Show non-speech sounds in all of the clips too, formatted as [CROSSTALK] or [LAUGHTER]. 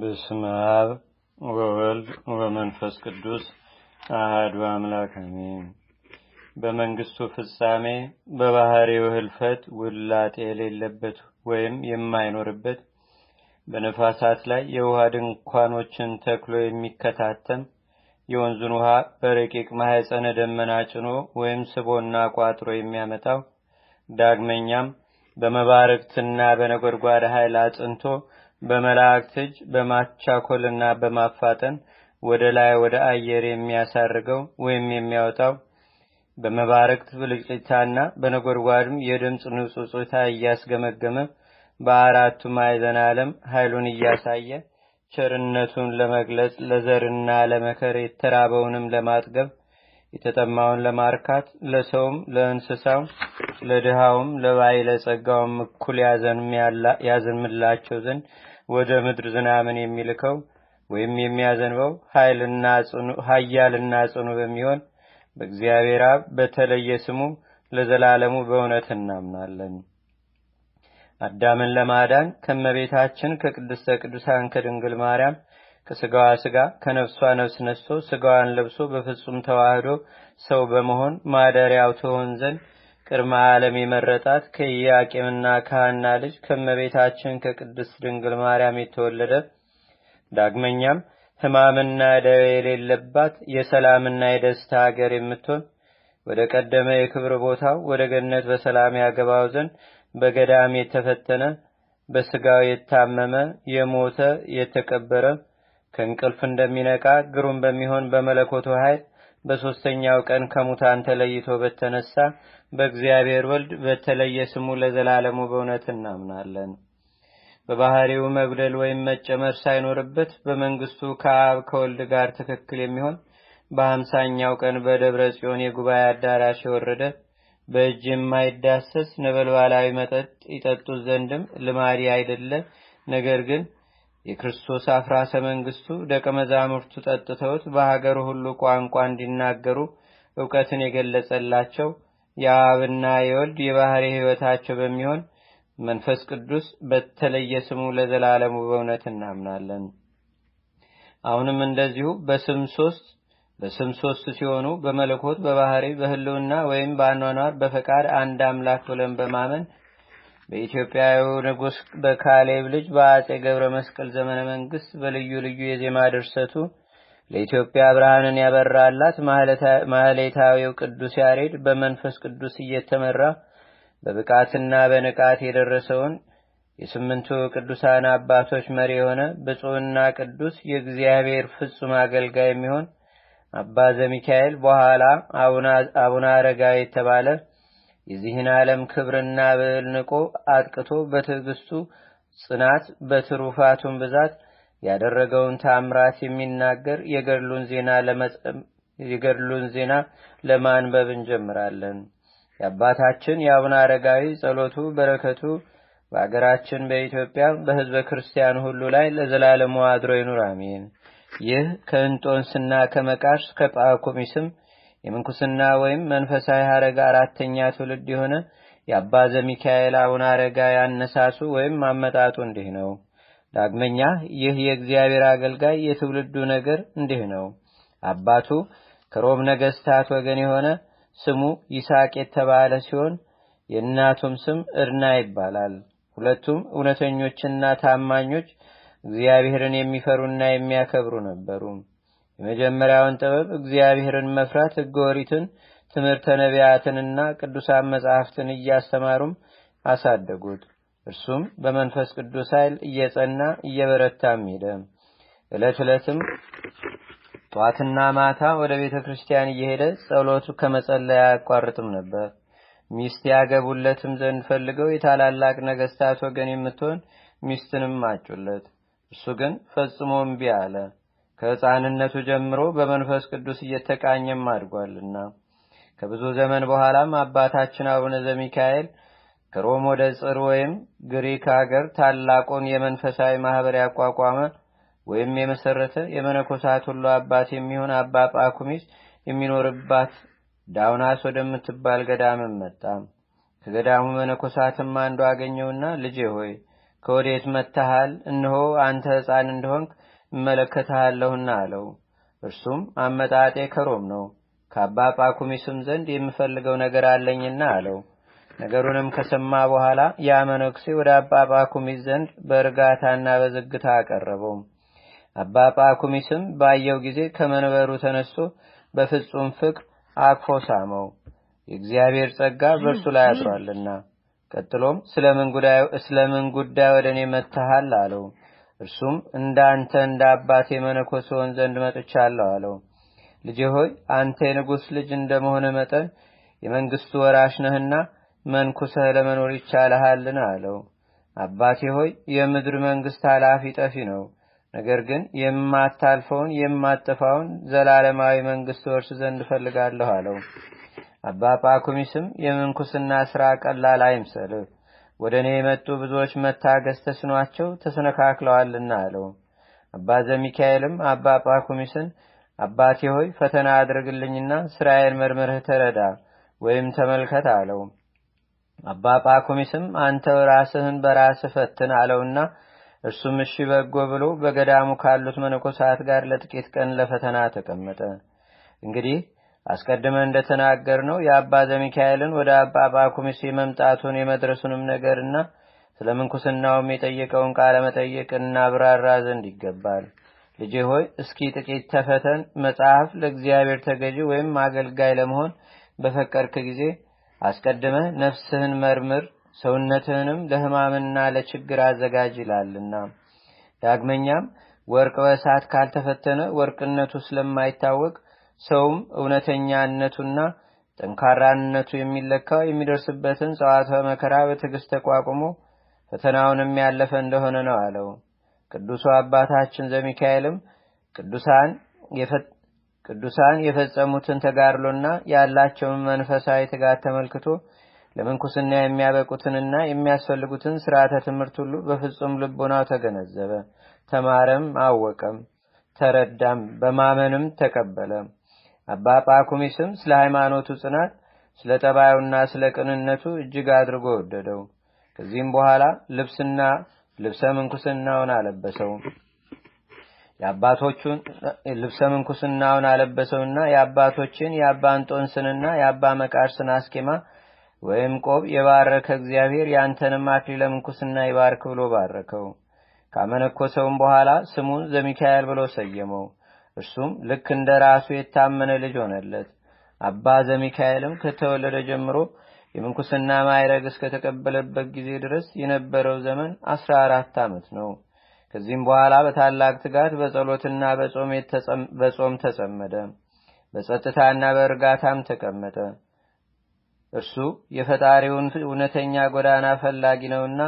በስመ አብ ወወልድ ወመንፈስ ቅዱስ አህዱ አምላክ አሜን። በመንግስቱ ፍጻሜ በባህሪው ህልፈት ውላጤ የሌለበት ወይም የማይኖርበት በነፋሳት ላይ የውሃ ድንኳኖችን ተክሎ የሚከታተም የወንዙን ውሃ በረቂቅ ማህፀነ ደመና ጭኖ ወይም ስቦና ቋጥሮ የሚያመጣው ዳግመኛም በመባረክትና በነጎድጓድ ኃይል አጽንቶ በመላእክት እጅ በማቻኮልና በማፋጠን ወደ ላይ ወደ አየር የሚያሳርገው ወይም የሚያወጣው በመባረክት ብልጭታና በነጎድጓድም የድምፅ ንጹጽታ እያስገመገመ በአራቱ ማዕዘን ዓለም ኃይሉን እያሳየ ቸርነቱን ለመግለጽ ለዘርና ለመከር የተራበውንም ለማጥገብ የተጠማውን ለማርካት ለሰውም ለእንስሳው ለድሃውም ለባይ ለጸጋውም እኩል ያዘንምላቸው ዘንድ ወደ ምድር ዝናምን የሚልከው ወይም የሚያዘንበው ሀያልና ጽኑ በሚሆን በእግዚአብሔር አብ በተለየ ስሙ ለዘላለሙ በእውነት እናምናለን። አዳምን ለማዳን ከመቤታችን ከቅድስተ ቅዱሳን ከድንግል ማርያም ከስጋዋ ስጋ ከነፍሷ ነፍስ ነስቶ ስጋዋን ለብሶ በፍጹም ተዋህዶ ሰው በመሆን ማደሪያው ትሆን ዘንድ ቅድመ ዓለም የመረጣት ከኢያቄምና ከሐና ልጅ ከመቤታችን ከቅድስት ድንግል ማርያም የተወለደ ዳግመኛም ህማምና ደዌ የሌለባት የሰላምና የደስታ አገር የምትሆን ወደ ቀደመ የክብር ቦታው ወደ ገነት በሰላም ያገባው ዘንድ በገዳም የተፈተነ በስጋው የታመመ የሞተ የተቀበረ ከእንቅልፍ እንደሚነቃ ግሩም በሚሆን በመለኮቱ ኃይል በሦስተኛው ቀን ከሙታን ተለይቶ በተነሳ በእግዚአብሔር ወልድ በተለየ ስሙ ለዘላለሙ በእውነት እናምናለን። በባህሪው መጉደል ወይም መጨመር ሳይኖርበት በመንግስቱ ከአብ ከወልድ ጋር ትክክል የሚሆን በሀምሳኛው ቀን በደብረ ጽዮን የጉባኤ አዳራሽ የወረደ በእጅ የማይዳሰስ ነበልባላዊ መጠጥ ይጠጡት ዘንድም ልማዲ አይደለ ነገር ግን የክርስቶስ አፍራሰ መንግስቱ ደቀ መዛሙርቱ ጠጥተውት በሀገሩ ሁሉ ቋንቋ እንዲናገሩ እውቀትን የገለጸላቸው የአብና የወልድ የባህሪ ህይወታቸው በሚሆን መንፈስ ቅዱስ በተለየ ስሙ ለዘላለሙ በእውነት እናምናለን። አሁንም እንደዚሁ በስም ሶስት በስም ሶስት ሲሆኑ በመለኮት፣ በባህሪ፣ በህልውና ወይም በአኗኗር በፈቃድ አንድ አምላክ ብለን በማመን በኢትዮጵያዊ ንጉሥ በካሌብ ልጅ በአጼ ገብረ መስቀል ዘመነ መንግሥት በልዩ ልዩ የዜማ ድርሰቱ ለኢትዮጵያ ብርሃንን ያበራላት ማህሌታዊው ቅዱስ ያሬድ በመንፈስ ቅዱስ እየተመራ በብቃትና በንቃት የደረሰውን የስምንቱ ቅዱሳን አባቶች መሪ የሆነ ብፁዕና ቅዱስ የእግዚአብሔር ፍጹም አገልጋይ የሚሆን አባ ዘሚካኤል በኋላ አቡነ አረጋዊ የተባለ የዚህን ዓለም ክብርና ብዕል ንቆ አጥቅቶ በትዕግስቱ ጽናት በትሩፋቱን ብዛት ያደረገውን ታምራት የሚናገር የገድሉን ዜና ለማንበብ እንጀምራለን። የአባታችን የአቡነ አረጋዊ ጸሎቱ በረከቱ በአገራችን በኢትዮጵያ በሕዝበ ክርስቲያን ሁሉ ላይ ለዘላለሙ አድሮ ይኑር፣ አሜን። ይህ ከእንጦንስና ከመቃርስ ከጳኮሚስም የምንኩስና ወይም መንፈሳዊ ሀረግ አራተኛ ትውልድ የሆነ የአባ ዘሚካኤል አቡነ አረጋ አነሳሱ ወይም አመጣጡ እንዲህ ነው። ዳግመኛ ይህ የእግዚአብሔር አገልጋይ የትውልዱ ነገር እንዲህ ነው። አባቱ ከሮም ነገስታት ወገን የሆነ ስሙ ይስቅ የተባለ ሲሆን የእናቱም ስም እድና ይባላል። ሁለቱም እውነተኞችና ታማኞች እግዚአብሔርን የሚፈሩና የሚያከብሩ ነበሩ። የመጀመሪያውን ጥበብ እግዚአብሔርን መፍራት ህገ ወሪትን፣ ትምህርተ ነቢያትንና ቅዱሳን መጻሕፍትን እያስተማሩም አሳደጉት። እርሱም በመንፈስ ቅዱስ ኃይል እየጸና እየበረታም ሄደ። ዕለት ዕለትም ጧትና ማታ ወደ ቤተ ክርስቲያን እየሄደ ጸሎቱ ከመጸለይ አያቋርጥም ነበር። ሚስት ያገቡለትም ዘንድ ፈልገው የታላላቅ ነገሥታት ወገን የምትሆን ሚስትንም አጩለት። እሱ ግን ፈጽሞ እምቢ አለ። ከሕፃንነቱ ጀምሮ በመንፈስ ቅዱስ እየተቃኘም አድጓልና ከብዙ ዘመን በኋላም አባታችን አቡነ ዘሚካኤል ከሮም ወደ ጽር ወይም ግሪክ አገር ታላቁን የመንፈሳዊ ማኅበር ያቋቋመ ወይም የመሰረተ የመነኮሳት ሁሉ አባት የሚሆን አባ ጳኩሚስ የሚኖርባት ዳውናስ ወደምትባል ገዳምም መጣ። ከገዳሙ መነኮሳትም አንዱ አገኘውና ልጄ ሆይ ከወዴት መጥተሃል? እንሆ አንተ ሕፃን እንደሆንክ እመለከትሃለሁና አለው። እርሱም አመጣጤ ከሮም ነው፣ ከአባ ጳኩሚስም ዘንድ የምፈልገው ነገር አለኝና አለው። ነገሩንም ከሰማ በኋላ ያ ወደ አባ ጳኩሚስ ዘንድ በእርጋታና በዝግታ አቀረበው። አባ ጳኩሚስም ባየው ጊዜ ከመንበሩ ተነስቶ በፍጹም ፍቅር አቅፎ ሳመው፣ የእግዚአብሔር ጸጋ በእርሱ ላይ አድሯልና። ቀጥሎም ስለምን ጉዳይ ወደ እኔ መጥተሃል አለው። እርሱም እንዳንተ እንደ አባቴ መነኮስ ሆን ዘንድ መጥቻለሁ አለው። ልጄ ሆይ አንተ የንጉሥ ልጅ እንደመሆነ መጠን የመንግሥቱ ወራሽ ነህና መንኩሰህ ለመኖር ይቻልሃልን አለው። አባቴ ሆይ የምድር መንግሥት ኃላፊ ጠፊ ነው። ነገር ግን የማታልፈውን የማጠፋውን ዘላለማዊ መንግሥት ወርስ ዘንድ እፈልጋለሁ አለው። አባ ጳኩሚስም የምንኩስና ሥራ ቀላል አይምሰልህ ወደ እኔ የመጡ ብዙዎች መታገስ ተስኗቸው ተሰነካክለዋልና አለው። አባ ዘሚካኤልም አባ ጳኩሚስን አባቴ ሆይ ፈተና አድርግልኝና ስራዬን መርምርህ ተረዳ ወይም ተመልከት አለው። አባ ጳኩሚስም አንተ ራስህን በራስህ ፈትን አለውና እርሱም እሺ በጎ ብሎ በገዳሙ ካሉት መነኮሳት ጋር ለጥቂት ቀን ለፈተና ተቀመጠ። እንግዲህ አስቀድመን እንደተናገር ነው የአባ ዘሚካኤልን ወደ አባ ባኩሚስ መምጣቱን የመድረሱንም ነገርና ስለ ምንኩስናውም የጠየቀውን ቃለ መጠየቅ እናብራራ ዘንድ ይገባል። ልጄ ሆይ እስኪ ጥቂት ተፈተን። መጽሐፍ ለእግዚአብሔር ተገዢ ወይም አገልጋይ ለመሆን በፈቀድክ ጊዜ አስቀድመ ነፍስህን መርምር፣ ሰውነትህንም ለህማምና ለችግር አዘጋጅ ይላልና። ዳግመኛም ወርቅ በእሳት ካልተፈተነ ወርቅነቱ ስለማይታወቅ ሰውም እውነተኛነቱና ጠንካራነቱ የሚለካው የሚደርስበትን ጸዋተ መከራ በትግስት ተቋቁሞ ፈተናውንም ያለፈ እንደሆነ ነው አለው። ቅዱሱ አባታችን ዘሚካኤልም ቅዱሳን የፈጸሙትን ተጋድሎና ያላቸውን መንፈሳዊ ትጋት ተመልክቶ ለምንኩስና የሚያበቁትንና የሚያስፈልጉትን ስርዓተ ትምህርት ሁሉ በፍጹም ልቦናው ተገነዘበ፣ ተማረም፣ አወቀም፣ ተረዳም፣ በማመንም ተቀበለ። አባ ጳኩሚስም ስለ ሃይማኖቱ ጽናት፣ ስለ ጠባዩና ስለ ቅንነቱ እጅግ አድርጎ ወደደው። ከዚህም በኋላ ልብስና ልብሰ ምንኩስናውን አለበሰው። የአባቶቹን ልብሰ ምንኩስናውን አለበሰውና የአባቶችን የአባ እንጦንስንና የአባ መቃርስን አስኬማ ወይም ቆብ የባረከ እግዚአብሔር ያንተንም አክሊለ ምንኩስና ይባርክ ብሎ ባረከው። ካመነኮሰውም በኋላ ስሙን ዘሚካኤል ብሎ ሰየመው። እርሱም ልክ እንደ ራሱ የታመነ ልጅ ሆነለት። አባ ዘሚካኤልም ከተወለደ ጀምሮ የምንኩስና ማዕረግ እስከተቀበለበት ጊዜ ድረስ የነበረው ዘመን አስራ አራት ዓመት ነው። ከዚህም በኋላ በታላቅ ትጋት በጸሎትና በጾም ተጸመደ። በጸጥታና በእርጋታም ተቀመጠ። እርሱ የፈጣሪውን እውነተኛ ጎዳና ፈላጊ ነውና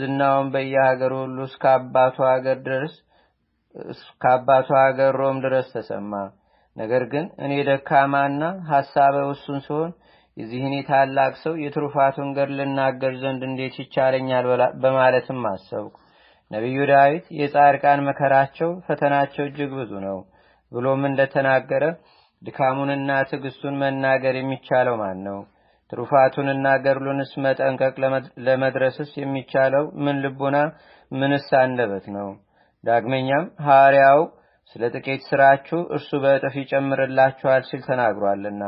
ዝናውን በየሀገሩ ሁሉ እስከ አባቱ ሀገር ድረስ ከአባቷ ሀገር ሮም ድረስ ተሰማ። ነገር ግን እኔ ደካማና ሐሳበ ውሱን ሲሆን የዚህን ታላቅ ሰው የትሩፋቱን ገር ልናገር ዘንድ እንዴት ይቻለኛል በማለትም አሰብኩ። ነቢዩ ዳዊት የጻድቃን መከራቸው ፈተናቸው እጅግ ብዙ ነው ብሎም እንደተናገረ ድካሙንና ትዕግስቱን መናገር የሚቻለው ማን ነው? ትሩፋቱንና ገድሉንስ መጠንቀቅ ለመድረስስ የሚቻለው ምን ልቡና ምንስ አንደበት ነው? ዳግመኛም ሐዋርያው ስለ ጥቂት ሥራችሁ እርሱ በእጥፍ ይጨምርላችኋል ሲል ተናግሯልና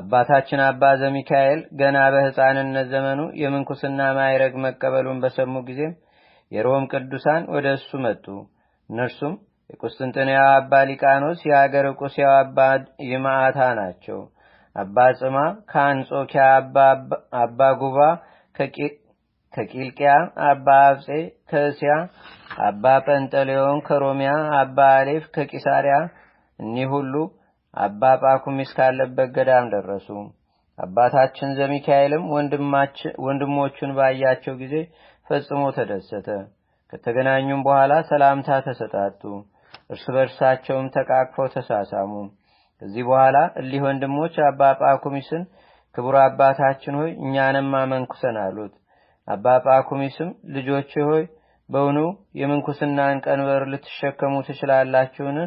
አባታችን አባ ዘሚካኤል ገና በሕፃንነት ዘመኑ የምንኩስና ማይረግ መቀበሉን በሰሙ ጊዜም የሮም ቅዱሳን ወደ እሱ መጡ። እነርሱም የቁስጥንጥንያው አባ ሊቃኖስ፣ የአገር ቁስያው አባ ይማዕታ ናቸው። አባ ጽማ ከአንጾኪያ፣ አባ ጉባ ከቂልቅያ፣ አባ አብፄ ከእስያ አባ ጰንጠሌዮን ከሮሚያ፣ አባ አሌፍ ከቂሳሪያ እኒህ ሁሉ አባ ጳኩሚስ ካለበት ገዳም ደረሱ። አባታችን ዘሚካኤልም ወንድሞቹን ባያቸው ጊዜ ፈጽሞ ተደሰተ። ከተገናኙም በኋላ ሰላምታ ተሰጣጡ። እርስ በርሳቸውም ተቃቅፈው ተሳሳሙ። ከዚህ በኋላ እሊህ ወንድሞች አባ ጳኩሚስን ክቡር አባታችን ሆይ እኛንም አመንኩሰን አሉት። አባ ጳኩሚስም ልጆች ሆይ በውኑ የምንኩስናን ቀንበር ልትሸከሙ ትችላላችሁን?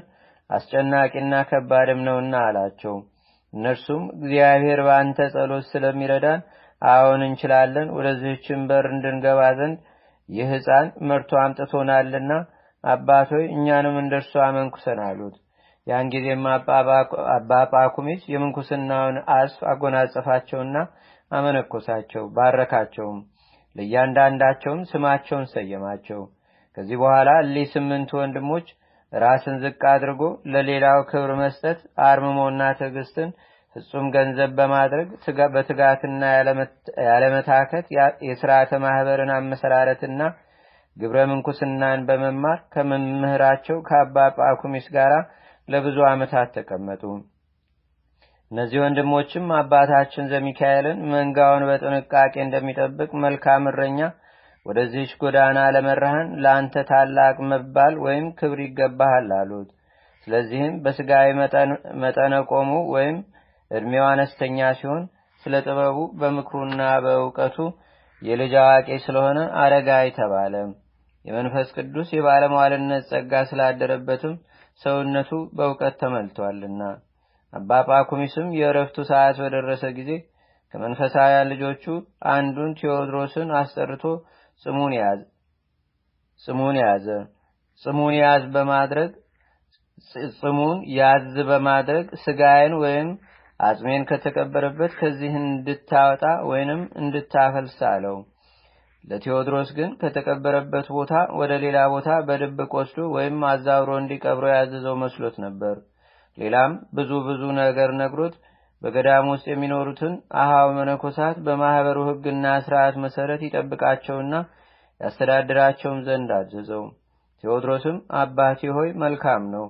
አስጨናቂና ከባድም ነውና አላቸው። እነርሱም እግዚአብሔር በአንተ ጸሎት ስለሚረዳን አዎን እንችላለን፣ ወደዚህችን በር እንድንገባ ዘንድ ይህ ሕፃን መርቶ አምጥቶናልና አባቶይ እኛንም እንደ እርሷ አመንኩሰን አሉት። ያን ጊዜም አባ ጳኩሚስ የምንኩስናውን አስፍ አጎናጸፋቸውና አመነኮሳቸው ባረካቸውም። ለእያንዳንዳቸውም ስማቸውን ሰየማቸው ከዚህ በኋላ እሊህ ስምንቱ ወንድሞች ራስን ዝቅ አድርጎ ለሌላው ክብር መስጠት አርምሞና ትዕግስትን ፍጹም ገንዘብ በማድረግ በትጋትና ያለመታከት የስርዓተ ማህበርን አመሰራረትና ግብረ ምንኩስናን በመማር ከመምህራቸው ከአባ ጳኩሚስ ጋር ለብዙ ዓመታት ተቀመጡ እነዚህ ወንድሞችም አባታችን ዘሚካኤልን መንጋውን በጥንቃቄ እንደሚጠብቅ መልካም እረኛ ወደዚህች ጎዳና ለመራህን ለአንተ ታላቅ መባል ወይም ክብር ይገባሃል አሉት። ስለዚህም በስጋዊ መጠነ ቆሙ ወይም እድሜው አነስተኛ ሲሆን ስለ ጥበቡ በምክሩና በእውቀቱ የልጅ አዋቂ ስለሆነ አረጋይ ተባለ። የመንፈስ ቅዱስ የባለመዋልነት ጸጋ ስላደረበትም ሰውነቱ በእውቀት ተሞልቷልና። አባ ጳኩሚስም የእረፍቱ ሰዓት በደረሰ ጊዜ ከመንፈሳውያን ልጆቹ አንዱን ቴዎድሮስን አስጠርቶ ጽሙን ያዘ ጽሙን ያዝ በማድረግ ጽሙን ያዝ በማድረግ ስጋዬን ወይም አጽሜን ከተቀበረበት ከዚህ እንድታወጣ ወይንም እንድታፈልስ አለው። ለቴዎድሮስ ግን ከተቀበረበት ቦታ ወደ ሌላ ቦታ በድብቅ ወስዶ ወይም አዛውሮ እንዲቀብሮ ያዘዘው መስሎት ነበር። ሌላም ብዙ ብዙ ነገር ነግሮት በገዳም ውስጥ የሚኖሩትን አሃው መነኮሳት በማኅበሩ ሕግና ሥርዓት መሠረት ይጠብቃቸውና ያስተዳድራቸውም ዘንድ አዘዘው። ቴዎድሮስም አባቴ ሆይ መልካም ነው፣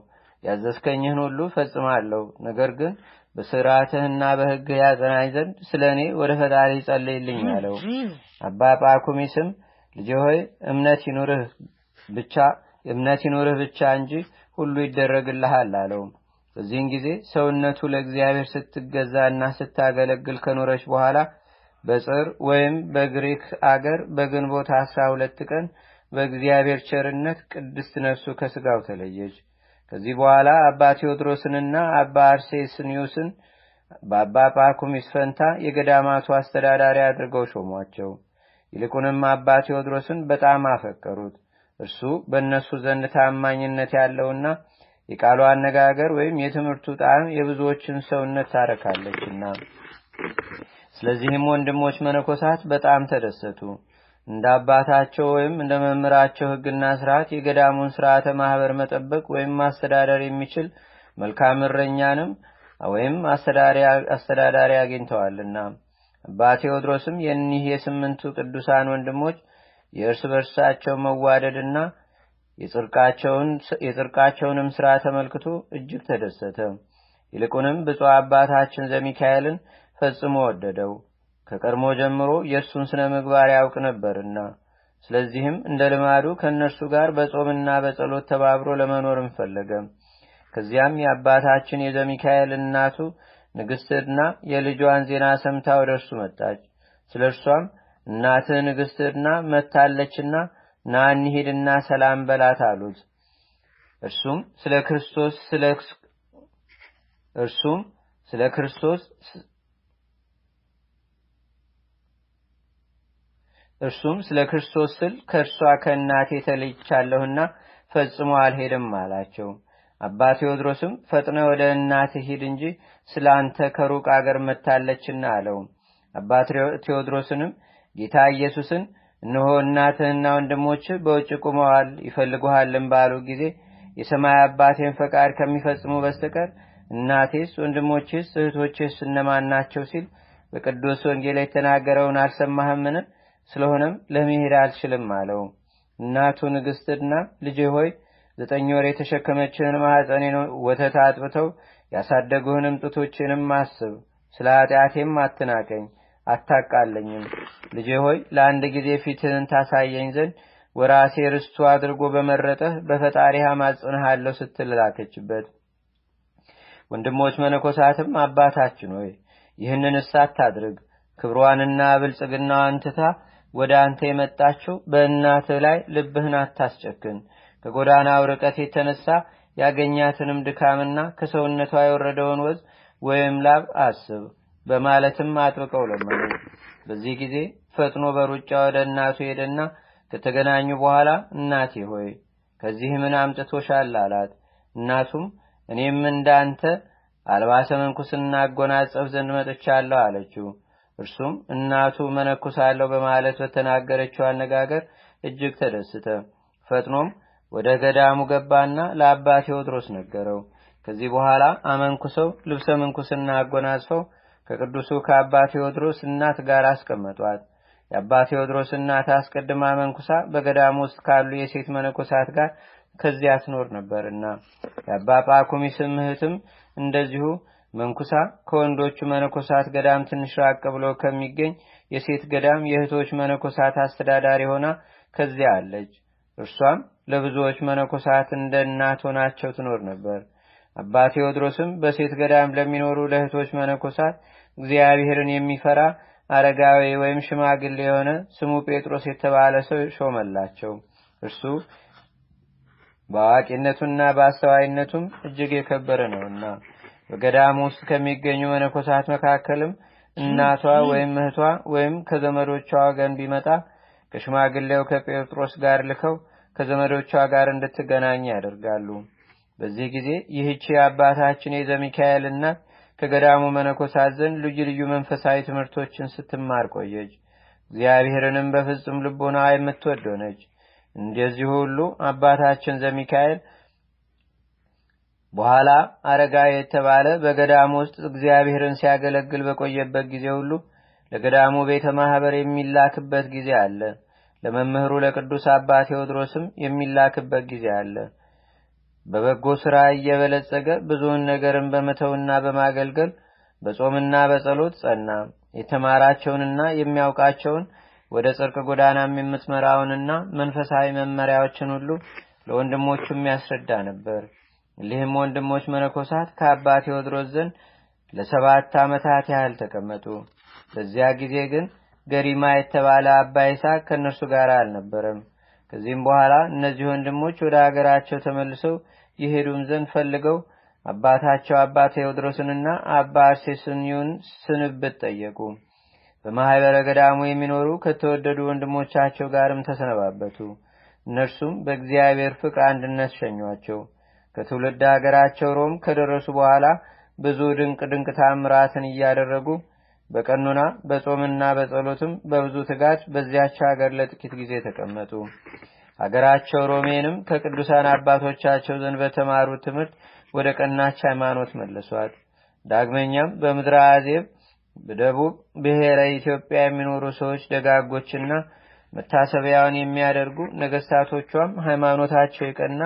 ያዘዝከኝህን ሁሉ ፈጽማለሁ። ነገር ግን በሥርዓትህና በሕግህ ያጸናኝ ዘንድ ስለ እኔ ወደ ፈጣሪ ጸልይልኝ አለው። አባ ጳኩሚስም ልጅ ሆይ እምነት ይኑርህ ብቻ እምነት ይኑርህ ብቻ እንጂ ሁሉ ይደረግልሃል አለውም። በዚህን ጊዜ ሰውነቱ ለእግዚአብሔር ስትገዛ እና ስታገለግል ከኖረች በኋላ በጽር ወይም በግሪክ አገር በግንቦት አስራ ሁለት ቀን በእግዚአብሔር ቸርነት ቅድስት ነፍሱ ከስጋው ተለየች። ከዚህ በኋላ አባ ቴዎድሮስንና አባ አርሴስኒዩስን በአባ ጳኩሚስ ፈንታ የገዳማቱ አስተዳዳሪ አድርገው ሾሟቸው። ይልቁንም አባ ቴዎድሮስን በጣም አፈቀሩት። እርሱ በእነሱ ዘንድ ታማኝነት ያለውና የቃሉ አነጋገር ወይም የትምህርቱ ጣዕም የብዙዎችን ሰውነት ታረካለችና ስለዚህም ወንድሞች መነኮሳት በጣም ተደሰቱ እንደ አባታቸው ወይም እንደ መምህራቸው ህግና ስርዓት የገዳሙን ስርዓተ ማህበር መጠበቅ ወይም ማስተዳደር የሚችል መልካም እረኛንም ወይም አስተዳዳሪ አግኝተዋልና አባ ቴዎድሮስም የኒህ የስምንቱ ቅዱሳን ወንድሞች የእርስ በርሳቸው መዋደድና የጽርቃቸውንም ሥራ ተመልክቶ እጅግ ተደሰተ። ይልቁንም ብፁዕ አባታችን ዘሚካኤልን ፈጽሞ ወደደው፣ ከቀድሞ ጀምሮ የእርሱን ስነ ምግባር ያውቅ ነበርና። ስለዚህም እንደ ልማዱ ከእነርሱ ጋር በጾምና በጸሎት ተባብሮ ለመኖርም ፈለገ። ከዚያም የአባታችን የዘሚካኤል እናቱ ንግሥትና የልጇን ዜና ሰምታ ወደ እርሱ መጣች። ስለ እርሷም እናትህ ንግሥትና መታለችና ና እንሂድና ሰላም በላት አሉት እርሱም ስለ ክርስቶስ ስለ እርሱም ስለ ክርስቶስ እርሱም ስለ ክርስቶስ ስል ከእርሷ ከእናቴ ተለይቻለሁና ፈጽሞ አልሄድም አላቸው አባ ቴዎድሮስም ፈጥነ ወደ እናት ሂድ እንጂ ስለ አንተ ከሩቅ አገር መታለችና አለው አባ ቴዎድሮስንም ጌታ ኢየሱስን እነሆ እናትህና ወንድሞች በውጭ ቁመዋል ይፈልጉሃልን ባሉ ጊዜ የሰማይ አባቴን ፈቃድ ከሚፈጽሙ በስተቀር እናቴስ ወንድሞችስ እህቶችስ እነማን ናቸው ሲል በቅዱስ ወንጌል የተናገረውን አልሰማህምን? ስለሆነም ለመሄድ አልችልም አለው። እናቱ ንግሥትና ልጄ ሆይ ዘጠኝ ወር የተሸከመችህን ማኅፀኔን ወተት አጥብተው ያሳደጉህንም ጡቶችንም አስብ፣ ስለ ኃጢአቴም አትናቀኝ አታቃለኝም። ልጄ ሆይ ለአንድ ጊዜ ፊትህን ታሳየኝ ዘንድ ወራሴ ርስቱ አድርጎ በመረጠህ በፈጣሪህ አማጽንሃለሁ ስትል ላከችበት። ወንድሞች መነኮሳትም አባታችን ሆይ ይህንን አታድርግ፣ ክብሯንና ብልጽግናዋን ትታ ወደ አንተ የመጣችው በእናትህ ላይ ልብህን አታስጨክን። ከጎዳና ርቀት የተነሳ ያገኛትንም ድካምና ከሰውነቷ የወረደውን ወዝ ወይም ላብ አስብ። በማለትም አጥብቀው ለመኑ። በዚህ ጊዜ ፈጥኖ በሩጫ ወደ እናቱ ሄደና ከተገናኙ በኋላ እናቴ ሆይ ከዚህ ምን አምጥቶሻል? አላት። እናቱም እኔም እንዳንተ አልባሰ መንኩስና አጎናጸፍ ዘንድ መጥቻለሁ አለችው። እርሱም እናቱ መነኩሳለሁ በማለት በተናገረችው አነጋገር እጅግ ተደስተ ፈጥኖም ወደ ገዳሙ ገባና ለአባ ቴዎድሮስ ነገረው። ከዚህ በኋላ አመንኩሰው ልብሰ ምንኩስና አጎናጽፈው ከቅዱሱ ከአባ ቴዎድሮስ እናት ጋር አስቀመጧት። የአባ ቴዎድሮስ እናት አስቀድማ መንኩሳ በገዳም ውስጥ ካሉ የሴት መነኮሳት ጋር ከዚያ ትኖር ነበርና የአባ ጳኩሚስ እህትም እንደዚሁ መንኩሳ ከወንዶቹ መነኮሳት ገዳም ትንሽ ራቅ ብሎ ከሚገኝ የሴት ገዳም የእህቶች መነኮሳት አስተዳዳሪ ሆና ከዚያ አለች። እርሷም ለብዙዎች መነኮሳት እንደ እናት ሆናቸው ትኖር ነበር። አባ ቴዎድሮስም በሴት ገዳም ለሚኖሩ ለእህቶች መነኮሳት እግዚአብሔርን የሚፈራ አረጋዊ ወይም ሽማግሌ የሆነ ስሙ ጴጥሮስ የተባለ ሰው ሾመላቸው። እርሱ በአዋቂነቱና በአስተዋይነቱም እጅግ የከበረ ነውና በገዳም ውስጥ ከሚገኙ መነኮሳት መካከልም እናቷ ወይም እህቷ ወይም ከዘመዶቿ ወገን ቢመጣ ከሽማግሌው ከጴጥሮስ ጋር ልከው ከዘመዶቿ ጋር እንድትገናኝ ያደርጋሉ። በዚህ ጊዜ ይህቺ የአባታችን የዘሚካኤል እናት ከገዳሙ መነኮሳት ዘንድ ልዩ ልዩ መንፈሳዊ ትምህርቶችን ስትማር ቆየች። እግዚአብሔርንም በፍጹም ልቦና የምትወድ ሆነች። እንደዚህ ሁሉ አባታችን ዘሚካኤል በኋላ አረጋ የተባለ በገዳሙ ውስጥ እግዚአብሔርን ሲያገለግል በቆየበት ጊዜ ሁሉ ለገዳሙ ቤተ ማኅበር የሚላክበት ጊዜ አለ። ለመምህሩ ለቅዱስ አባ ቴዎድሮስም የሚላክበት ጊዜ አለ። በበጎ ሥራ እየበለጸገ ብዙውን ነገርን በመተውና በማገልገል በጾምና በጸሎት ጸና። የተማራቸውንና የሚያውቃቸውን ወደ ጽርቅ ጎዳናም የምትመራውንና መንፈሳዊ መመሪያዎችን ሁሉ ለወንድሞቹም ያስረዳ ነበር። እሊህም ወንድሞች መነኮሳት ከአባ ቴዎድሮስ ዘንድ ለሰባት ዓመታት ያህል ተቀመጡ። በዚያ ጊዜ ግን ገሪማ የተባለ አባ ሳ ከእነርሱ ጋር አልነበረም። ከዚህም በኋላ እነዚህ ወንድሞች ወደ አገራቸው ተመልሰው ይሄዱም ዘንድ ፈልገው አባታቸው አባ ቴዎድሮስንና አባ አርሴስኒዩን ስንብት ጠየቁ። በማኅበረ ገዳሙ የሚኖሩ ከተወደዱ ወንድሞቻቸው ጋርም ተሰነባበቱ። እነርሱም በእግዚአብሔር ፍቅር አንድነት ሸኟቸው። ከትውልድ አገራቸው ሮም ከደረሱ በኋላ ብዙ ድንቅ ድንቅ ታምራትን እያደረጉ በቀኑና በጾምና በጸሎትም በብዙ ትጋት በዚያች አገር ለጥቂት ጊዜ ተቀመጡ። አገራቸው ሮሜንም ከቅዱሳን አባቶቻቸው ዘንድ በተማሩ ትምህርት ወደ ቀናች ሃይማኖት መልሷት። ዳግመኛም በምድረ አዜብ በደቡብ ብሔረ ኢትዮጵያ የሚኖሩ ሰዎች ደጋጎችና መታሰቢያውን የሚያደርጉ ነገስታቶቿም ሃይማኖታቸው የቀና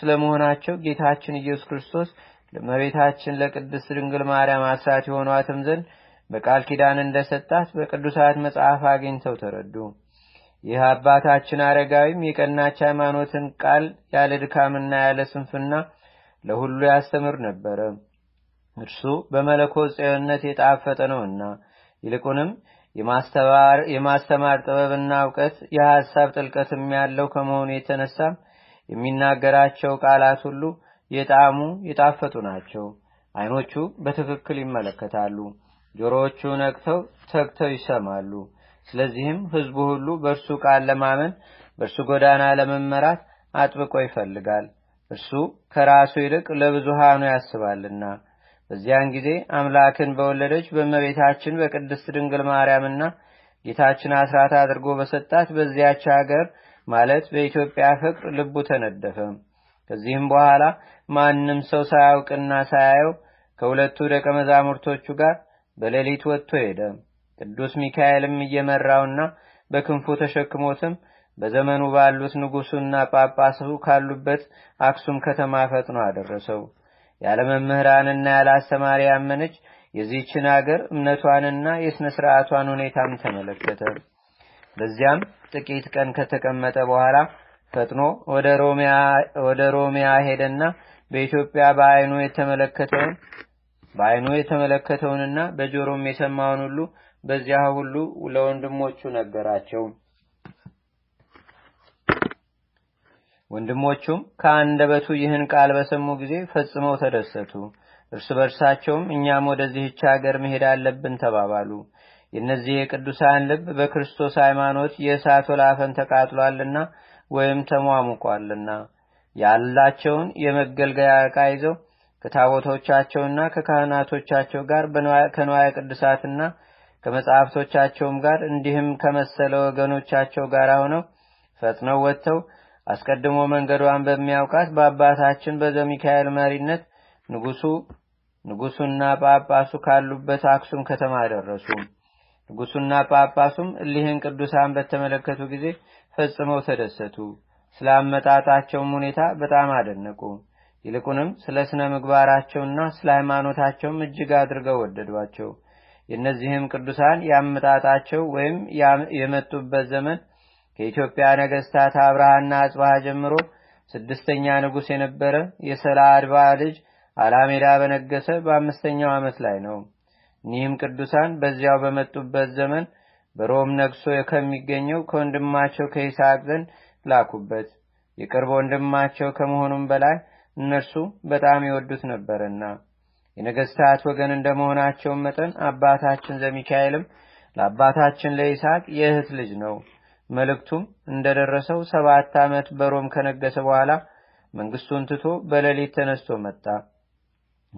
ስለመሆናቸው ጌታችን ኢየሱስ ክርስቶስ ለመቤታችን ለቅድስት ድንግል ማርያም አስራት የሆኗትም ዘንድ በቃል ኪዳን እንደሰጣት በቅዱሳት መጽሐፍ አግኝተው ተረዱ። ይህ አባታችን አረጋዊም የቀናች ሃይማኖትን ቃል ያለ ድካምና ያለ ስንፍና ለሁሉ ያስተምር ነበረ እርሱ በመለኮ ጽዮነት የጣፈጠ ነውና ይልቁንም የማስተማር ጥበብና እውቀት የሐሳብ ጥልቀትም ያለው ከመሆኑ የተነሳ የሚናገራቸው ቃላት ሁሉ የጣዕሙ የጣፈጡ ናቸው አይኖቹ በትክክል ይመለከታሉ ጆሮዎቹ ነቅተው ተግተው ይሰማሉ ስለዚህም ህዝቡ ሁሉ በእርሱ ቃል ለማመን በእርሱ ጎዳና ለመመራት አጥብቆ ይፈልጋል እርሱ ከራሱ ይልቅ ለብዙሃኑ ያስባልና በዚያን ጊዜ አምላክን በወለደች በመቤታችን በቅድስት ድንግል ማርያምና ጌታችን አስራት አድርጎ በሰጣት በዚያች አገር ማለት በኢትዮጵያ ፍቅር ልቡ ተነደፈ ከዚህም በኋላ ማንም ሰው ሳያውቅና ሳያየው ከሁለቱ ደቀ መዛሙርቶቹ ጋር በሌሊት ወጥቶ ሄደ ቅዱስ ሚካኤልም እየመራውና በክንፉ ተሸክሞትም በዘመኑ ባሉት ንጉሱና ጳጳሱ ካሉበት አክሱም ከተማ ፈጥኖ አደረሰው። ያለ መምህራንና ያለ አስተማሪ ያመነች የዚህችን አገር እምነቷንና የሥነ ሥርዓቷን ሁኔታም ተመለከተ። በዚያም ጥቂት ቀን ከተቀመጠ በኋላ ፈጥኖ ወደ ሮሚያ ሄደና በኢትዮጵያ በአይኑ የተመለከተውን በዓይኑ የተመለከተውንና በጆሮም የሰማውን ሁሉ በዚያ ሁሉ ለወንድሞቹ ነገራቸው። ወንድሞቹም ከአንደበቱ ይህን ቃል በሰሙ ጊዜ ፈጽመው ተደሰቱ። እርስ በርሳቸውም እኛም ወደዚህች አገር መሄድ አለብን ተባባሉ። የእነዚህ የቅዱሳን ልብ በክርስቶስ ሃይማኖት የእሳት ወላፈን ተቃጥሏልና ወይም ተሟሙቋልና ያላቸውን የመገልገያ ዕቃ ይዘው ከታቦቶቻቸውና ከካህናቶቻቸው ጋር ከንዋየ ቅዱሳትና ከመጻሕፍቶቻቸውም ጋር እንዲህም ከመሰለ ወገኖቻቸው ጋር ሆነው ፈጥነው ወጥተው አስቀድሞ መንገዷን በሚያውቃት በአባታችን በዘሚካኤል መሪነት ንጉሱ ንጉሱና ጳጳሱ ካሉበት አክሱም ከተማ ደረሱ። ንጉሱና ጳጳሱም እሊህን ቅዱሳን በተመለከቱ ጊዜ ፈጽመው ተደሰቱ። ስለ አመጣጣቸውም ሁኔታ በጣም አደነቁ። ይልቁንም ስለ ስነ ምግባራቸውና ስለ ሃይማኖታቸውም እጅግ አድርገው ወደዷቸው። የእነዚህም ቅዱሳን ያመጣጣቸው ወይም የመጡበት ዘመን ከኢትዮጵያ ነገሥታት አብርሃና አጽባ ጀምሮ ስድስተኛ ንጉሥ የነበረ የሰላ አድባ ልጅ አላሜዳ በነገሰ በአምስተኛው ዓመት ላይ ነው። እኒህም ቅዱሳን በዚያው በመጡበት ዘመን በሮም ነግሶ ከሚገኘው ከወንድማቸው ከይስሐቅ ዘንድ ላኩበት። የቅርብ ወንድማቸው ከመሆኑም በላይ እነርሱ በጣም ይወዱት ነበርና የነገሥታት ወገን እንደመሆናቸው መጠን አባታችን ዘሚካኤልም ለአባታችን ለይስሐቅ የእህት ልጅ ነው። መልእክቱም እንደደረሰው ሰባት ዓመት በሮም ከነገሰ በኋላ መንግስቱን ትቶ በሌሊት ተነስቶ መጣ።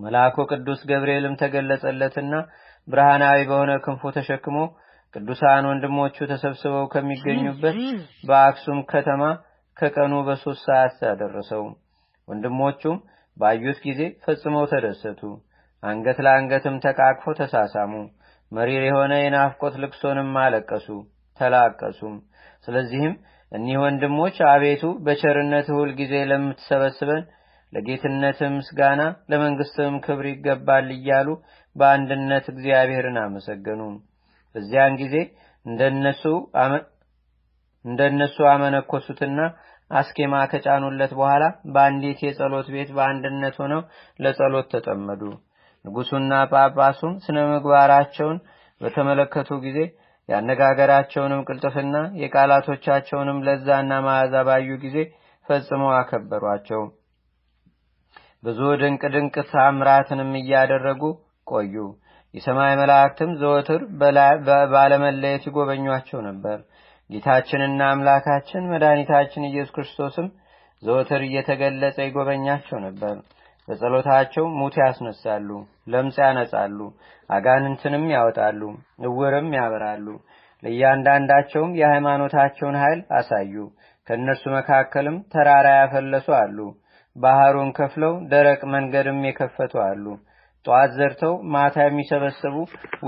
መልአኩ ቅዱስ ገብርኤልም ተገለጸለትና ብርሃናዊ በሆነ ክንፎ ተሸክሞ ቅዱሳን ወንድሞቹ ተሰብስበው ከሚገኙበት በአክሱም ከተማ ከቀኑ በሶስት ሰዓት አደረሰው። ወንድሞቹም ባዩት ጊዜ ፈጽመው ተደሰቱ። አንገት ለአንገትም ተቃቅፈው ተሳሳሙ። መሪር የሆነ የናፍቆት ልቅሶንም አለቀሱ፣ ተላቀሱም። ስለዚህም እኒህ ወንድሞች አቤቱ በቸርነት ሁል ጊዜ ለምትሰበስበን ለጌትነትም ምስጋና ለመንግስትም ክብር ይገባል እያሉ በአንድነት እግዚአብሔርን አመሰገኑ። በዚያን ጊዜ እንደነሱ አመነኮሱትና አስኬማ ከጫኑለት በኋላ በአንዲት የጸሎት ቤት በአንድነት ሆነው ለጸሎት ተጠመዱ። ንጉሱና ጳጳሱም ስነ ምግባራቸውን በተመለከቱ ጊዜ የአነጋገራቸውንም ቅልጥፍና የቃላቶቻቸውንም ለዛና መዓዛ ባዩ ጊዜ ፈጽመው አከበሯቸው። ብዙ ድንቅ ድንቅ ታምራትንም እያደረጉ ቆዩ። የሰማይ መላእክትም ዘወትር ባለመለየት ይጎበኟቸው ነበር። ጌታችንና አምላካችን መድኃኒታችን ኢየሱስ ክርስቶስም ዘወትር እየተገለጸ ይጎበኛቸው ነበር። በጸሎታቸው ሙት ያስነሳሉ፣ ለምጽ ያነጻሉ፣ አጋንንትንም ያወጣሉ፣ እውርም ያበራሉ። ለእያንዳንዳቸውም የሃይማኖታቸውን ኃይል አሳዩ። ከእነርሱ መካከልም ተራራ ያፈለሱ አሉ፣ ባህሩን ከፍለው ደረቅ መንገድም የከፈቱ አሉ፣ ጠዋት ዘርተው ማታ የሚሰበስቡ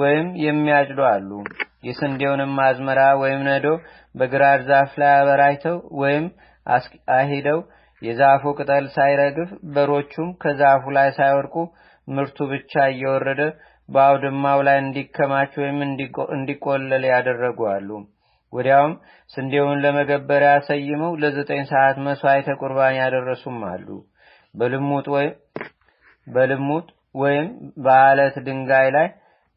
ወይም የሚያጭዱ አሉ፣ የስንዴውንም አዝመራ ወይም ነዶ በግራር ዛፍ ላይ አበራይተው ወይም አሂደው የዛፉ ቅጠል ሳይረግፍ በሮቹም ከዛፉ ላይ ሳይወርቁ ምርቱ ብቻ እየወረደ በአውድማው ላይ እንዲከማች ወይም እንዲቆለል ያደረጉ አሉ። ወዲያውም ስንዴውን ለመገበሪያ ሰይመው ለዘጠኝ ሰዓት መስዋዕተ ቁርባን ያደረሱም አሉ። በልሙጥ ወይም በዓለት ድንጋይ ላይ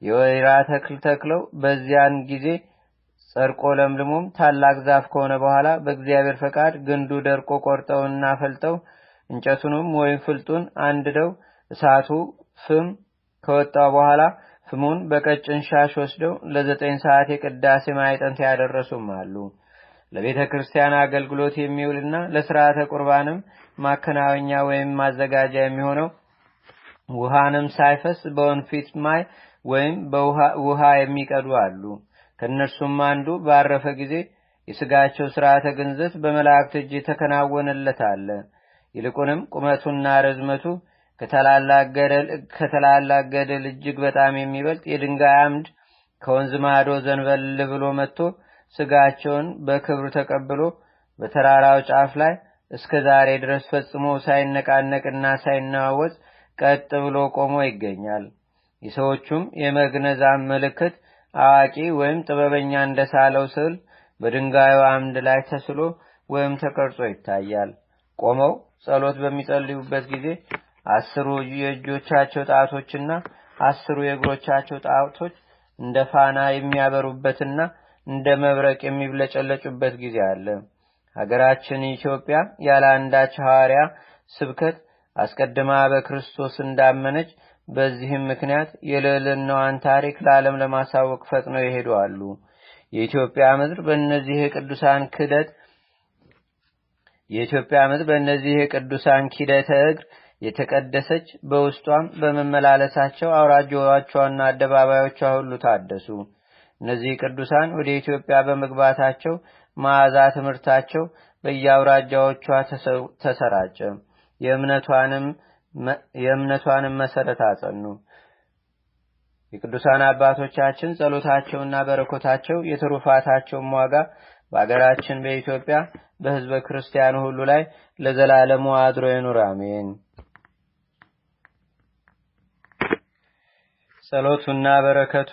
የወይራ ተክል ተክለው በዚያን ጊዜ ጸርቆ ለምልሞም ታላቅ ዛፍ ከሆነ በኋላ በእግዚአብሔር ፈቃድ ግንዱ ደርቆ ቆርጠውና ፈልጠው እንጨቱንም ወይም ፍልጡን አንድደው እሳቱ ፍም ከወጣ በኋላ ፍሙን በቀጭን ሻሽ ወስደው ለዘጠኝ ሰዓት የቅዳሴ ማዕጠንት ያደረሱም አሉ። ለቤተ ክርስቲያን አገልግሎት የሚውልና ለስርዓተ ቁርባንም ማከናወኛ ወይም ማዘጋጃ የሚሆነው ውሃንም ሳይፈስ በወንፊት ማይ ወይም ውሃ የሚቀዱ አሉ። ከእነርሱም አንዱ ባረፈ ጊዜ የሥጋቸው ሥርዓተ ግንዘት በመላእክት እጅ የተከናወነለት አለ። ይልቁንም ቁመቱና ረዝመቱ ከተላላቅ ገደል እጅግ በጣም የሚበልጥ የድንጋይ አምድ ከወንዝ ማዶ ዘንበል ብሎ መጥቶ ስጋቸውን በክብር ተቀብሎ በተራራው ጫፍ ላይ እስከ ዛሬ ድረስ ፈጽሞ ሳይነቃነቅና ሳይነዋወጥ ቀጥ ብሎ ቆሞ ይገኛል። የሰዎቹም የመግነዛም ምልክት አዋቂ ወይም ጥበበኛ እንደሳለው ስዕል በድንጋዩ አምድ ላይ ተስሎ ወይም ተቀርጾ ይታያል። ቆመው ጸሎት በሚጸልዩበት ጊዜ አስሩ የእጆቻቸው ጣቶችና አስሩ የእግሮቻቸው ጣቶች እንደ ፋና የሚያበሩበትና እንደ መብረቅ የሚብለጨለጩበት ጊዜ አለ። ሀገራችን ኢትዮጵያ ያለ አንዳች ሐዋርያ ስብከት አስቀድማ በክርስቶስ እንዳመነች በዚህም ምክንያት የልዕልናዋን ታሪክ ለዓለም ለማሳወቅ ፈጥነው የሄዱ አሉ። የኢትዮጵያ ምድር በእነዚህ የቅዱሳን ክደት የኢትዮጵያ ምድር በእነዚህ የቅዱሳን ኪደተ እግር የተቀደሰች በውስጧም በመመላለሳቸው አውራጃዎቿና አደባባዮቿ ሁሉ ታደሱ። እነዚህ ቅዱሳን ወደ ኢትዮጵያ በመግባታቸው መዓዛ ትምህርታቸው በየአውራጃዎቿ ተሰራጨ። የእምነቷንም የእምነቷንም መሰረት አጸኑ። የቅዱሳን አባቶቻችን ጸሎታቸውና በረኮታቸው የትሩፋታቸውም ዋጋ በአገራችን በኢትዮጵያ በህዝበ ክርስቲያኑ ሁሉ ላይ ለዘላለሙ አድሮ ይኑር። አሜን። ጸሎቱና በረከቱ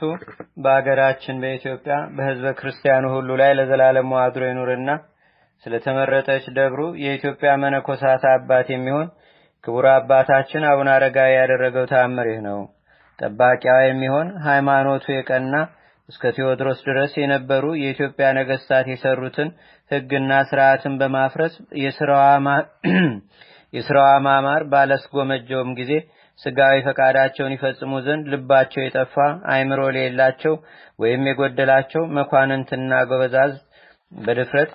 በአገራችን በኢትዮጵያ በህዝበ ክርስቲያኑ ሁሉ ላይ ለዘላለሙ አድሮ ይኑርና ስለተመረጠች ደብሩ የኢትዮጵያ መነኮሳት አባት የሚሆን ክቡር አባታችን አቡነ አረጋዊ ያደረገው ተአምር ይህ ነው። ጠባቂያ የሚሆን ሃይማኖቱ የቀና እስከ ቴዎድሮስ ድረስ የነበሩ የኢትዮጵያ ነገስታት የሰሩትን ህግና ስርዓትን በማፍረስ የስራዋ [CLEARS THROAT] ማማር ባለስጎመጀውም ጊዜ ስጋዊ ፈቃዳቸውን ይፈጽሙ ዘንድ ልባቸው የጠፋ አይምሮ የሌላቸው ወይም የጎደላቸው መኳንንትና ጎበዛዝ በድፍረት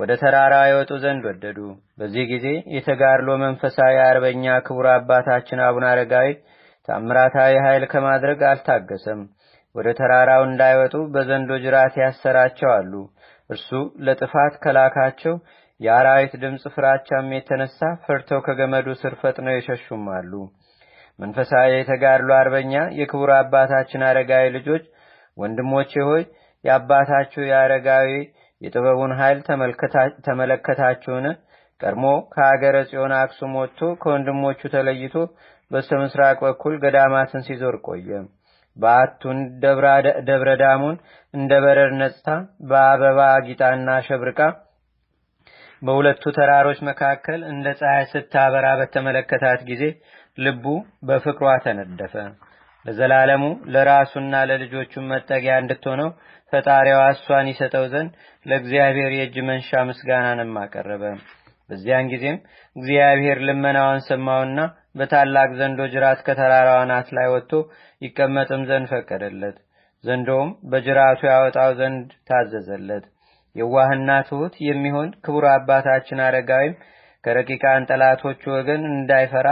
ወደ ተራራ ይወጡ ዘንድ ወደዱ። በዚህ ጊዜ የተጋድሎ መንፈሳዊ አርበኛ ክቡር አባታችን አቡነ አረጋዊ ታምራታዊ ኃይል ከማድረግ አልታገሰም። ወደ ተራራው እንዳይወጡ በዘንዶ ጅራት ያሰራቸው አሉ። እርሱ ለጥፋት ከላካቸው የአራዊት ድምፅ ፍራቻም የተነሳ ፈርተው ከገመዱ ስር ፈጥነው የሸሹም አሉ። መንፈሳዊ የተጋድሎ አርበኛ የክቡር አባታችን አረጋዊ ልጆች ወንድሞቼ ሆይ የአባታችሁ የአረጋዊ የጥበቡን ኃይል ተመለከታችሁን? ቀድሞ ከአገረ ጽዮን አክሱም ወጥቶ ከወንድሞቹ ተለይቶ በስተ ምስራቅ በኩል ገዳማትን ሲዞር ቆየ። በአቱን ደብረ ዳሙን እንደ በረር ነጽታ በአበባ አጊጣና ሸብርቃ በሁለቱ ተራሮች መካከል እንደ ፀሐይ ስታበራ በተመለከታት ጊዜ ልቡ በፍቅሯ ተነደፈ። ለዘላለሙ ለራሱና ለልጆቹ መጠጊያ እንድትሆነው ፈጣሪዋ እሷን ይሰጠው ዘንድ ለእግዚአብሔር የእጅ መንሻ ምስጋናንም አቀረበ በዚያን ጊዜም እግዚአብሔር ልመናዋን ሰማውና በታላቅ ዘንዶ ጅራት ከተራራዋናት ላይ ወጥቶ ይቀመጥም ዘንድ ፈቀደለት ዘንዶውም በጅራቱ ያወጣው ዘንድ ታዘዘለት የዋህና ትሁት የሚሆን ክቡር አባታችን አረጋዊም ከረቂቃን ጠላቶቹ ወገን እንዳይፈራ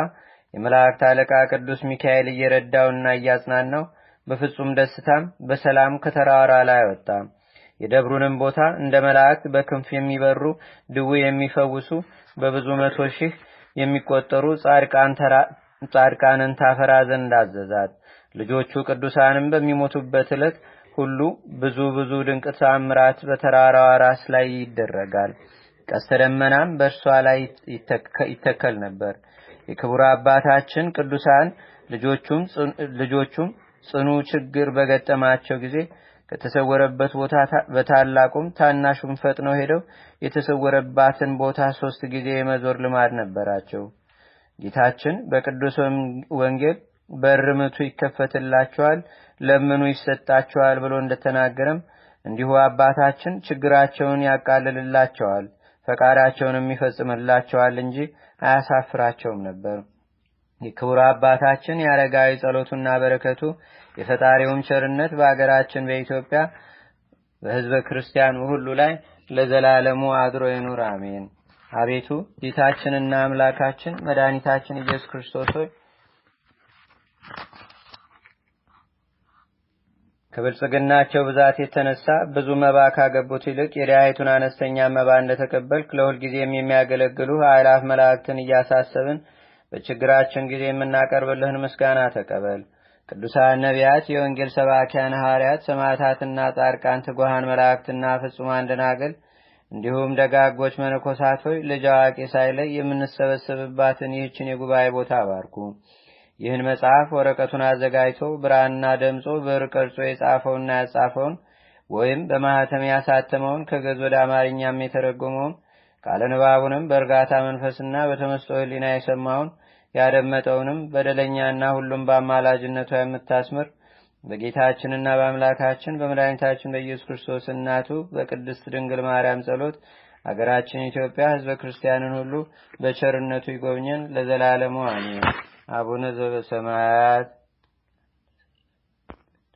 የመላእክት አለቃ ቅዱስ ሚካኤል እየረዳውና እያጽናናው በፍጹም ደስታም በሰላም ከተራራ ላይ ወጣ። የደብሩንም ቦታ እንደ መላእክት በክንፍ የሚበሩ ድዌ የሚፈውሱ በብዙ መቶ ሺህ የሚቆጠሩ ጻድቃንን ታፈራ ዘንድ አዘዛት። ልጆቹ ቅዱሳንም በሚሞቱበት ዕለት ሁሉ ብዙ ብዙ ድንቅ ተአምራት በተራራዋ ራስ ላይ ይደረጋል። ቀስተ ደመናም በእርሷ ላይ ይተከል ነበር። የክቡር አባታችን ቅዱሳን ልጆቹም ጽኑ ችግር በገጠማቸው ጊዜ ከተሰወረበት ቦታ በታላቁም ታናሹም ፈጥነው ሄደው የተሰወረባትን ቦታ ሶስት ጊዜ የመዞር ልማድ ነበራቸው። ጌታችን በቅዱስ ወንጌል በርምቱ ይከፈትላቸዋል፣ ለምኑ ይሰጣቸዋል ብሎ እንደተናገረም እንዲሁ አባታችን ችግራቸውን ያቃልልላቸዋል። ፈቃዳቸውንም ይፈጽምላቸዋል እንጂ አያሳፍራቸውም ነበር። የክቡር አባታችን የአረጋዊ ጸሎቱና በረከቱ የፈጣሪውም ቸርነት በአገራችን በኢትዮጵያ በሕዝበ ክርስቲያኑ ሁሉ ላይ ለዘላለሙ አድሮ ይኑር፣ አሜን። አቤቱ ጌታችንና አምላካችን መድኃኒታችን ኢየሱስ ክርስቶስ ከብልጽግናቸው ብዛት የተነሳ ብዙ መባ ካገቡት ይልቅ የዳያይቱን አነስተኛ መባ እንደተቀበልክ ጊዜም የሚያገለግሉ አእላፍ መላእክትን እያሳሰብን በችግራችን ጊዜ የምናቀርብልህን ምስጋና ተቀበል። ቅዱሳን ነቢያት፣ የወንጌል ሰባኪያን ሐዋርያት፣ ሰማዕታትና ጻድቃን፣ ትጉሃን መላእክትና ፍጹማን ደናግል እንዲሁም ደጋጎች መነኮሳት ልጃዋቂ ልጅ አዋቂ ሳይለይ የምንሰበሰብባትን ይህችን የጉባኤ ቦታ አባርኩ። ይህን መጽሐፍ ወረቀቱን አዘጋጅቶ ብራና ደምጾ ብር ቀርጾ የጻፈውና ያጻፈውን ወይም በማኅተም ያሳተመውን ከገዝ ወደ አማርኛም የተረጎመውን ቃለ ንባቡንም በእርጋታ መንፈስና በተመስጦ ህሊና የሰማውን ያደመጠውንም በደለኛና ሁሉም በአማላጅነቷ የምታስምር በጌታችንና በአምላካችን በመድኃኒታችን በኢየሱስ ክርስቶስ እናቱ በቅድስት ድንግል ማርያም ጸሎት አገራችን ኢትዮጵያ ህዝበ ክርስቲያንን ሁሉ በቸርነቱ ይጎብኘን ለዘላለሙ አሜን። ابو نظر سمعت